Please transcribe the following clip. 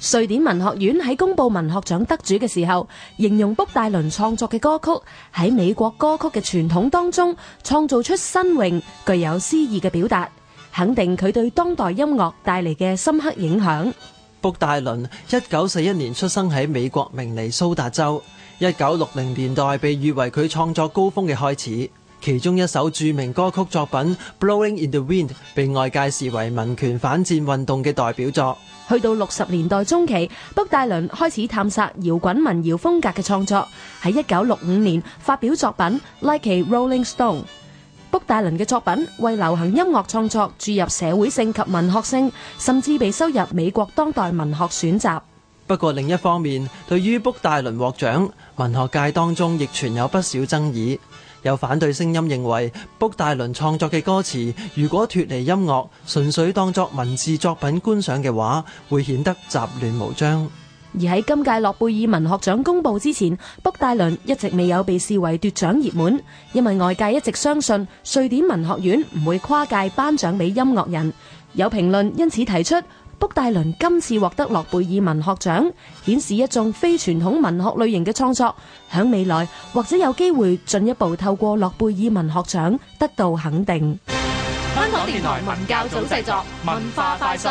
瑞典文學院喺公布文學獎得主嘅時候，形容卜大倫創作嘅歌曲喺美國歌曲嘅傳統當中，創造出新穎、具有詩意嘅表達，肯定佢對當代音樂帶嚟嘅深刻影響。卜大倫一九四一年出生喺美國明尼蘇達州，一九六零年代被譽為佢創作高峰嘅開始。其中一首著名歌曲作品《Blowing in the Wind》被外界視為民權反戰運動嘅代表作。去到六十年代中期，卜戴倫開始探索搖滾民謠風格嘅創作。喺一九六五年發表作品《Like a Rolling Stone》。卜戴倫嘅作品為流行音樂創作注入社會性及文學性，甚至被收入美國當代文學選集。不過另一方面，對於卜戴倫獲獎，文學界當中亦存有不少爭議。有反對聲音認為，卜戴倫創作嘅歌詞如果脫離音樂，純粹當作文字作品觀賞嘅話，會顯得雜亂無章。而喺今屆諾貝爾文學獎公佈之前，卜戴倫一直未有被視為奪獎熱門，因為外界一直相信瑞典文學院唔會跨界頒獎俾音樂人。有評論因此提出，卜戴倫今次獲得諾貝爾文學獎，顯示一種非傳統文學類型嘅創作，喺未來或者有機會進一步透過諾貝爾文學獎得到肯定。香港電台文教組製作，文化快訊。